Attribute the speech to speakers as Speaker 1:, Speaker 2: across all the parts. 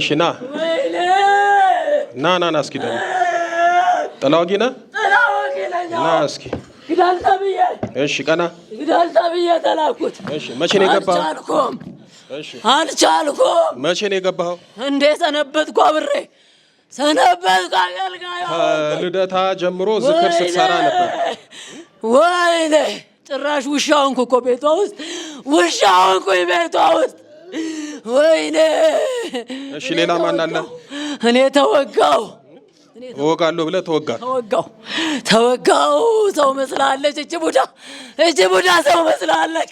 Speaker 1: እሺ ና ና ና ና እስኪ ደግሞ ጥላወጊ ና ና እስኪ
Speaker 2: ግዳል ተብዬ እሺ፣ ቀና ግዳል ተብዬ ተላኩት።
Speaker 1: እሺ፣ መቼ ነው የገባኸው? አልቻልኩም። እሺ፣
Speaker 2: አልቻልኩም።
Speaker 1: መቼ ነው የገባኸው?
Speaker 2: እንዴ ሰነበትኩ፣ አብሬ ሰነበትኩ። አገልጋዩ
Speaker 1: ከልደታ ጀምሮ ዝክር ስትሰራ ነበር።
Speaker 2: ወይኔ ጭራሽ ውሻ ሆንኩ እኮ ቤቷ ውስጥ ውሻ ሆንኩኝ ቤቷ ውስጥ ወይኔ!
Speaker 1: እሺ፣ ሌላ ማን አለ?
Speaker 2: እኔ ተወጋው
Speaker 1: እወጋለሁ ብለህ ተወጋ
Speaker 2: ተወጋው ተወጋው። ሰው መስላለች እች ቡዳ እች ቡዳ ሰው መስላለች።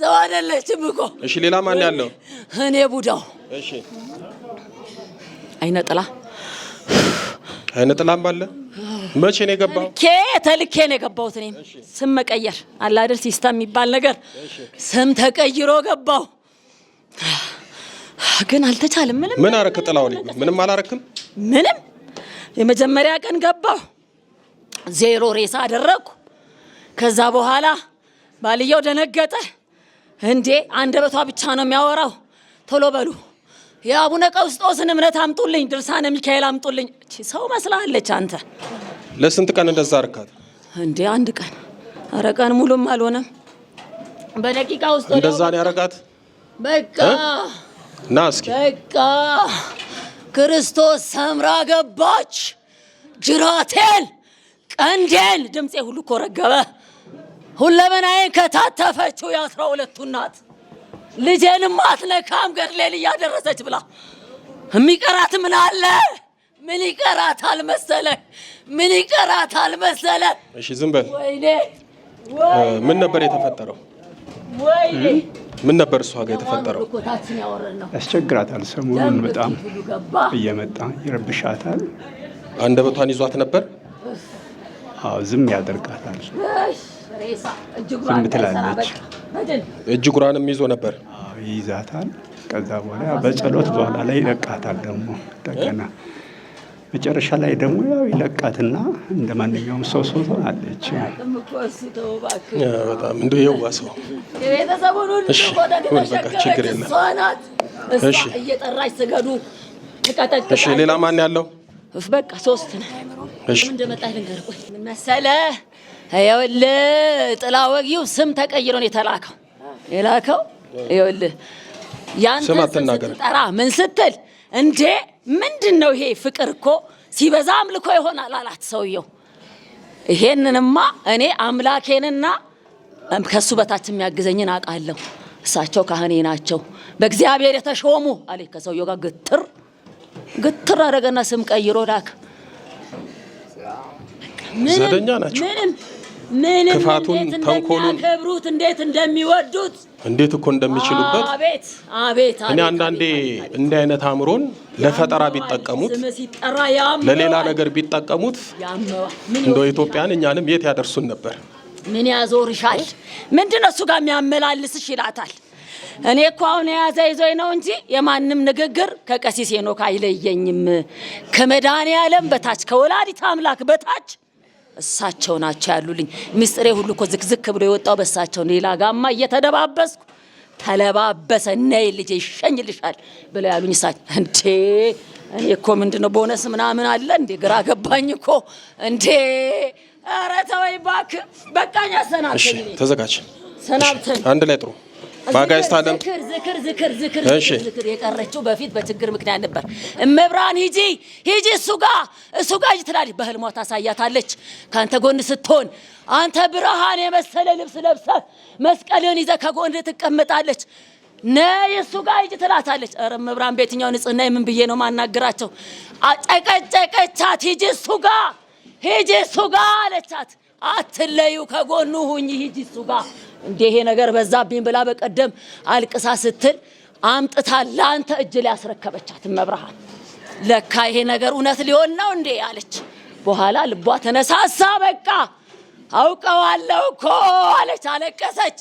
Speaker 2: ሰው አይደለችም እኮ።
Speaker 1: እሺ፣ ሌላ ማን ያለው? እኔ ቡዳው። እሺ፣ አይነ ጥላ አይነ ጥላም ባለ መቼ ነው የገባው?
Speaker 2: ኬ ተልኬ ነው የገባሁት። እኔም ስም መቀየር አለ አይደል? ሲስተም የሚባል ነገር ስም ተቀይሮ ገባው። ግን አልተቻለም። ምንም
Speaker 1: ምን አረክ ጥላው? ምንም አላረክም።
Speaker 2: ምንም የመጀመሪያ ቀን ገባሁ ዜሮ ሬሳ አደረግኩ። ከዛ በኋላ ባልየው ደነገጠ። እንዴ አንደበቷ ብቻ ነው የሚያወራው። ቶሎ በሉ የአቡነ ቀውስጦስን እምነት አምጡልኝ፣ ድርሳነ ሚካኤል አምጡልኝ። እቺ ሰው መስላለች አንተ።
Speaker 1: ለስንት ቀን እንደዛ አርካት?
Speaker 2: እንዴ አንድ ቀን። አረ ቀን ሙሉም አልሆነም። በደቂቃ ውስጥ
Speaker 1: እንደዛ ነው ያረጋት በቃ እና እስኪ
Speaker 2: በቃ ክርስቶስ ሰምራ ገባች። ጅራቴን ቀንዴን ድምፄ ሁሉ ረገበ ሁለመናዬን ከታተፈችው የአስራ ሁለቱ እናት ልጄንም አትነካም ገድሌን እያደረሰች ብላ የሚቀራት ምን አለ? ምን ይቀራት አልመሰለ? ምን ይቀራት አልመሰለ? እሺ ዝም በል። ወይኔ
Speaker 1: ምን ነበር የተፈጠረው? ወይኔ ምን ነበር እሷ ጋር የተፈጠረው?
Speaker 3: ያስቸግራታል። ሰሞኑን በጣም እየመጣ ይረብሻታል።
Speaker 1: አንደበቷን ይዟት ነበር።
Speaker 3: ዝም ያደርጋታል። ዝም ትላለች።
Speaker 1: እጅጉራንም ይዞ ነበር፣
Speaker 3: ይይዛታል። ከዛ በኋላ በጸሎት በኋላ ላይ ይለቃታል ደግሞ እንደገና መጨረሻ ላይ ደግሞ ያው ይለቃትና እንደ ማንኛውም ሰው ሰው ትሆናለች።
Speaker 1: በጣም እንደ የዋ ሰው
Speaker 2: የቤተሰቡን ሁሉ ችግር የለም። እሺ እየጠራች ስገዱ ትቀጠቅጣለች።
Speaker 1: እሺ ሌላ ማን ያለው?
Speaker 2: በቃ ሶስት ነን። እሺ እንደመጣ ልንገርህ። ቆይ ምን መሰለህ፣ ይኸውልህ ጥላ ወጊው ስም ተቀይሮ ነው የተላከው የላከው። ይኸውልህ
Speaker 1: ያንተ ስም ስትጠራ
Speaker 2: ምን ስትል እንዴ ምንድን ነው ይሄ? ፍቅር እኮ ሲበዛ አምልኮ ይሆናል አላት ሰውየው። ይሄንንማ እኔ አምላኬንና ከሱ በታች የሚያግዘኝን አውቃለሁ። እሳቸው ካህኔ ናቸው፣ በእግዚአብሔር የተሾሙ አለ። ከሰውየው ጋር ግትር ግትር አደረገና ስም ቀይሮ ላክ።
Speaker 1: ምንም ምንም ክፋቱን ተንኮሉን
Speaker 2: ክብሩት እንዴት እንደሚወዱት
Speaker 1: እንዴት እኮ እንደሚችሉበት
Speaker 2: አቤት አቤት።
Speaker 1: እኔ አንዳንዴ እንዲህ አይነት አእምሮን ለፈጠራ ቢጠቀሙት ለሌላ ነገር ቢጠቀሙት እንደ ኢትዮጵያን እኛንም የት ያደርሱን ነበር።
Speaker 2: ምን ያዞርሻል? ምንድን ነው እሱ ጋር የሚያመላልስሽ ይላታል። እኔ እኮ አሁን የያዘ ይዞኝ ነው እንጂ የማንም ንግግር ከቀሲስ ሄኖክ አይለየኝም ከመድኃኔ ዓለም በታች ከወላዲት አምላክ በታች እሳቸው ናቸው ያሉልኝ። ምስጢሬ ሁሉ እኮ ዝክዝክ ብሎ የወጣው በእሳቸው ሌላ ጋማ እየተደባበስኩ ተለባበሰ ነይ ልጄ ይሸኝልሻል ብለው ያሉኝ እሳቸው። እንዴ እኔ እኮ ምንድነው ቦነስ ምናምን አለ እንዴ? ግራ ገባኝ እኮ እንዴ። ኧረ ተወይ እባክህ በቃኝ።
Speaker 1: አሰናብተኝ፣ ተዘጋጅ፣ ሰናብተኝ። አንድ ላይ ጥሩ በአጋዕዝተ
Speaker 2: ዝክር ዝክር ዝክር ዝክር የቀረችው በፊት በችግር ምክንያት ነበር። እመብርሃን ሂጂ ሂጂ እሱ ጋር እሱ ጋር ሂጂ ትላለች። በህልሟ ታሳያታለች። ከአንተ ጎን ስትሆን አንተ ብርሃን የመሰለ ልብስ ለብሰ መስቀልን ይዘ ከጎን ትቀመጣለች። ነይ እሱ ጋር ሂጂ ትላታለች። ኧረ እመብርሃን በየትኛው ንጽህና የምን ብዬ ነው ማናግራቸው? አጨቀጨቀቻት። ሂጂ እሱ ጋር ሂጂ እሱ ጋር አለቻት። አትለዩ፣ ከጎኑ ሁኝ፣ ሂጂ እሱ ጋር እንደ ይሄ ነገር በዛብኝ ብላ በቀደም አልቅሳ ስትል አምጥታ ለአንተ እጅ ላይ አስረከበቻት እመብርሃን ለካ ይሄ ነገር እውነት ሊሆን ነው እንዴ አለች። በኋላ ልቧ ተነሳሳ። በቃ አውቀዋለሁ እኮ አለች፣ አለቀሰች።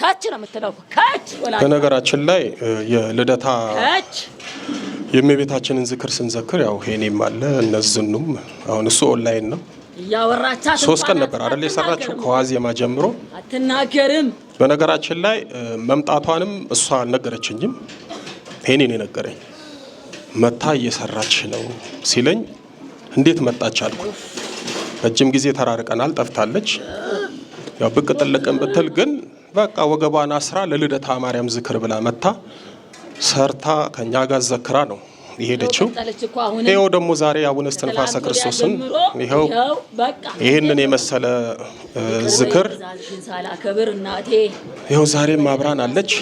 Speaker 2: ከች ነው የምትለው። ከች
Speaker 1: በነገራችን ላይ የልደታ የእመቤታችንን ዝክር ስንዘክር ያው ሄኔም አለ እነዝኑም አሁን እሱ ኦንላይን ነው ሶስት ቀን ነበር አይደል የሰራችው ከዋዜማ ጀምሮ
Speaker 2: አትናገርም።
Speaker 1: በነገራችን ላይ መምጣቷንም እሷ አልነገረችኝም። ሄኔን የነገረኝ መታ እየሰራች ነው ሲለኝ እንዴት መጣች አልኩ። ረጅም ጊዜ ተራርቀናል፣ ጠፍታለች። ያው ብቅ ጥልቅም ብትል ግን በቃ ወገቧን አስራ ለልደታ ማርያም ዝክር ብላ መታ ሰርታ ከእኛ ጋር ዘክራ ነው የሄደችው። ይኸው ደግሞ ዛሬ አቡነ እስትንፋሰ ክርስቶስን ይኸው ይህንን የመሰለ ዝክር ይኸው ዛሬም አብራን አለች።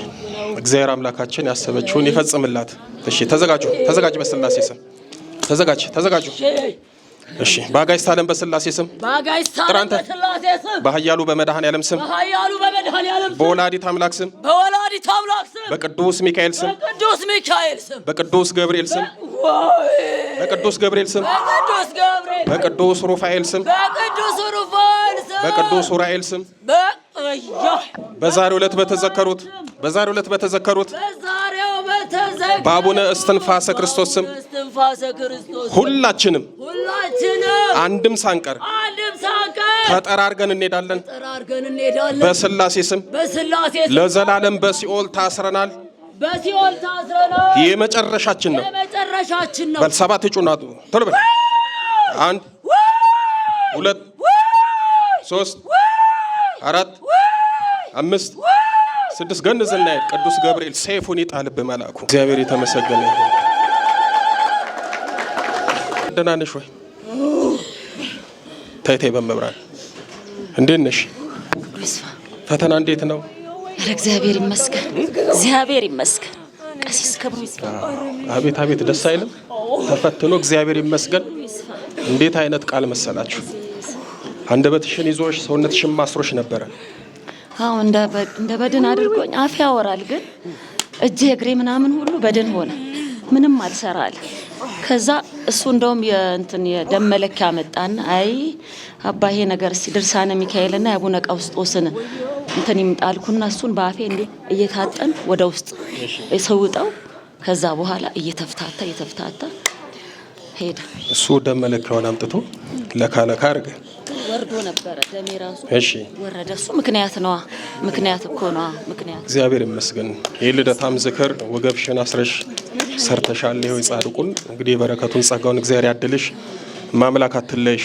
Speaker 1: እግዚአብሔር አምላካችን ያሰበችውን ይፈጽምላት። እሺ፣ ተዘጋጁ፣ ተዘጋጅ፣ በስላሴ ስም ተዘጋጅ፣ ተዘጋጁ። እሺ በአጋዕዝተ ዓለም በስላሴ ስም በኃያሉ በመድኃኔዓለም ስም በወላዲት አምላክ ስም በቅዱስ ሚካኤል ስም በቅዱስ ገብርኤል ስም በቅዱስ ገብርኤል ስም በቅዱስ ሩፋኤል ስም በቅዱስ ኡራኤል ስም በዛሬው ዕለት በተዘከሩት በዛሬው ዕለት በተዘከሩት በአቡነ እስትንፋሰ ክርስቶስ ስም እስትንፋሰ ክርስቶስ ሁላችንም ሁላችንም አንድም ሳንቀር አንድም ሳንቀር ተጠራርገን እንሄዳለን ተጠራርገን እንሄዳለን በስላሴ ስም በስላሴ ስም ለዘላለም በሲኦል ታስረናል በሲኦል ታስረናል። የመጨረሻችን ነው የመጨረሻችን ነው። በሰባት ጩናቱ ቶሎ በል አንድ ሁለት ሶስት አራት አምስት ስድስት ገንዝና ቅዱስ ገብርኤል ሰይፉን ይጣልብ መላኩ እግዚአብሔር የተመሰገነ ደህና ነሽ ወይ? ተይ ተይ፣ በመብራት እንዴት ነሽ? ፈተና እንዴት ነው?
Speaker 2: ኧረ እግዚአብሔር ይመስገን፣ እግዚአብሔር ይመስገን። ቀሲስ ክብሩ ይስፋ።
Speaker 1: አቤት አቤት፣ ደስ አይልም? ተፈትኖ እግዚአብሔር ይመስገን። እንዴት አይነት ቃል መሰላችሁ! አንደበትሽን ይዞሽ ሰውነትሽን ማስሮሽ ነበረ።
Speaker 2: አዎ እንደ በድን አድርጎኝ አፍ ያወራል፣ ግን እጄ እግሬ ምናምን ሁሉ በድን ሆነ። ምንም አልሰራ አለ ከዛ እሱ እንደውም የእንትን የደም መለኪያ መጣና አይ አባሄ ነገር እስቲ ድርሳነ ሚካኤልና የአቡነ ቀውስጦስን እንትን ይምጣልኩና እሱን በአፌ እንዲ እየታጠን ወደ ውስጥ ሰውጠው ከዛ በኋላ እየተፍታታ እየተፍታታ
Speaker 1: ሄደ። እሱ ደም መለኪያውን አምጥቶ ለካ ለካ አርገ ወርዶ ነበረ ደሜ ራሱ እሺ፣
Speaker 2: ወረደ። እሱ ምክንያት ነዋ፣ ምክንያት እኮ ነዋ፣ ምክንያት
Speaker 1: እግዚአብሔር ይመስገን። ይህ ልደታም ዝክር ወገብሽን አስረሽ ሰርተሻል። ይኸው ጻድቁን እንግዲህ የበረከቱን ጸጋውን እግዚአብሔር ያድልሽ። ማምላክ አትለይሽ።